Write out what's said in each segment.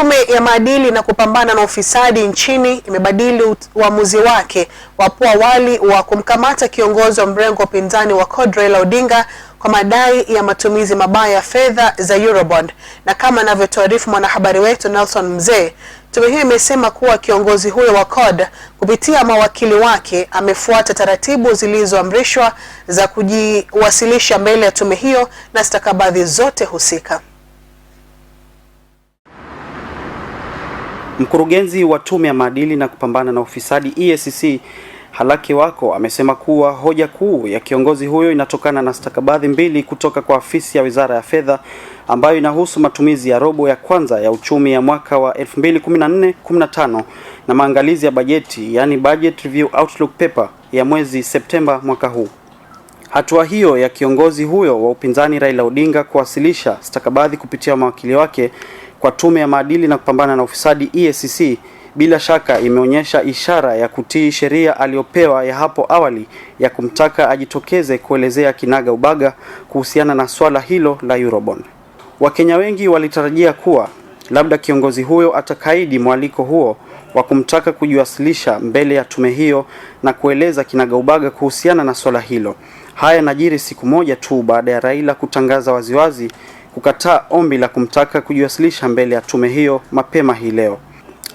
Tume ya Maadili na Kupambana na Ufisadi nchini imebadili uamuzi wa wake wapo awali wa kumkamata kiongozi wa mrengo wa upinzani wa CORD Raila Odinga kwa madai ya matumizi mabaya ya fedha za Eurobond, na kama anavyotuarifu mwanahabari wetu Nelson Mzee, tume hiyo imesema kuwa kiongozi huyo wa CORD kupitia mawakili wake amefuata taratibu zilizoamrishwa za kujiwasilisha mbele ya tume hiyo na stakabadhi zote husika. Mkurugenzi wa Tume ya Maadili na Kupambana na Ufisadi EACC Halaki Wako amesema kuwa hoja kuu ya kiongozi huyo inatokana na stakabadhi mbili kutoka kwa afisi ya Wizara ya Fedha ambayo inahusu matumizi ya robo ya kwanza ya uchumi ya mwaka wa 2014-15 na maangalizi ya bajeti, yani Budget Review Outlook Paper ya mwezi Septemba mwaka huu. Hatua hiyo ya kiongozi huyo wa upinzani Raila Odinga kuwasilisha stakabadhi kupitia mawakili wake kwa Tume ya Maadili na Kupambana na Ufisadi EACC bila shaka imeonyesha ishara ya kutii sheria aliyopewa ya hapo awali ya kumtaka ajitokeze kuelezea kinaga ubaga kuhusiana na swala hilo la Eurobond. Wakenya wengi walitarajia kuwa labda kiongozi huyo atakaidi mwaliko huo wa kumtaka kujiwasilisha mbele ya tume hiyo na kueleza kinaga ubaga kuhusiana na swala hilo. Haya najiri siku moja tu baada ya Raila kutangaza waziwazi kukataa ombi la kumtaka kujiwasilisha mbele ya tume hiyo mapema hii leo.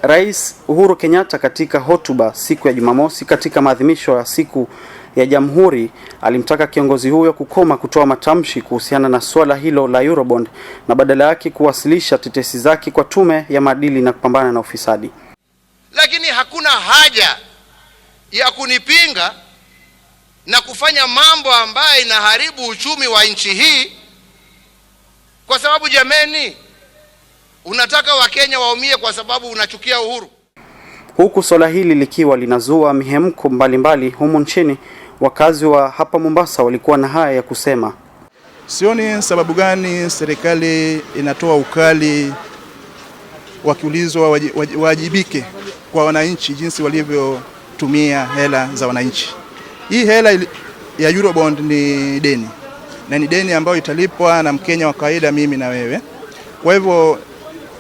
Rais Uhuru Kenyatta katika hotuba siku ya Jumamosi katika maadhimisho ya siku ya Jamhuri alimtaka kiongozi huyo kukoma kutoa matamshi kuhusiana na suala hilo la Eurobond na badala yake kuwasilisha tetesi zake kwa tume ya maadili na kupambana na ufisadi. Lakini hakuna haja ya kunipinga na kufanya mambo ambayo inaharibu uchumi wa nchi hii kwa sababu jameni, unataka Wakenya waumie kwa sababu unachukia uhuru? Huku swala hili likiwa linazua mihemko mbalimbali humu nchini, wakazi wa hapa Mombasa walikuwa na haya ya kusema. Sioni sababu gani serikali inatoa ukali, wakiulizwa wajibike kwa wananchi jinsi walivyotumia hela za wananchi. Hii hela ya Eurobond ni deni na ni deni ambayo italipwa na Mkenya wa kawaida, mimi na wewe. Kwa hivyo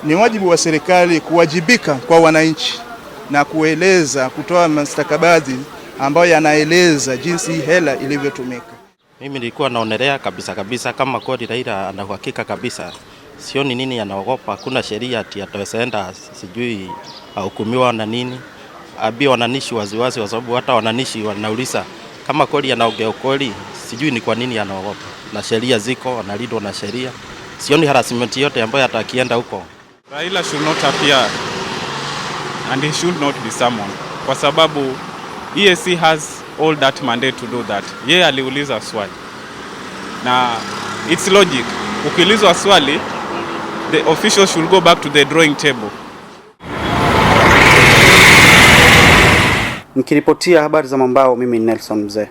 ni wajibu wa serikali kuwajibika kwa wananchi na kueleza, kutoa mstakabadhi ambayo yanaeleza jinsi hii hela ilivyotumika. Mimi nilikuwa naonelea kabisa kabisa kama kodi Raila ana uhakika kabisa, sioni nini anaogopa. kuna sheria ati atawezaenda sijui ahukumiwa na nini, abia wananishi waziwazi, kwa sababu hata wananishi wanauliza kama kodi anaogea ukoli sijui ni kwa nini anaogopa na sheria ziko, analindwa na sheria. Sioni harassment yote ambayo atakienda huko. Raila should not appear and he should not be summoned kwa sababu EAC has all that mandate to do that. Yeye aliuliza swali na it's logic, ukiulizwa swali the official should go back to the drawing table. Nikiripotia habari za mambao mimi ni Nelson Mzee.